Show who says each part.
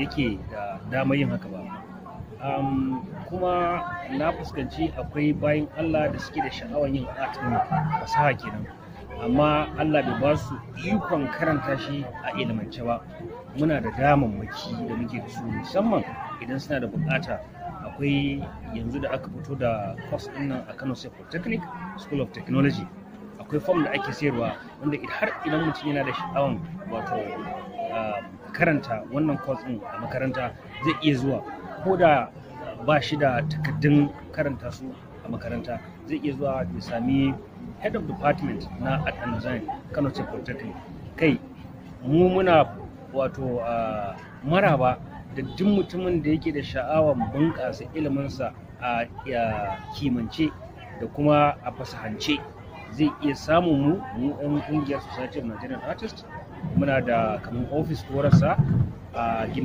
Speaker 1: yake da damar yin haka ba um, kuma na fuskanci akwai bayan allah da suke da sha'awar yin art fasaha kenan amma allah bai ba su ikon karanta shi a ilimance ba muna da maki da muke da su musamman idan suna da bukata akwai yanzu da aka fito da course din nan a kano state polytechnic school of technology akwai fom da ake sayarwa wanda har idan mutum yana da sha'awar wato karanta wannan course din a makaranta zai iya zuwa ko da ba shi da takaddun karanta su a makaranta zai iya zuwa ya sami head of department na art and design kano state polytechnic kai mu muna wato maraba da duk mutumin da yake da sha'awar bunƙasa iliminsa a kimance da kuma a fasahance zai iya samun mu mu yan kungiyar society of nigerian artists muna da kamar office korarsa a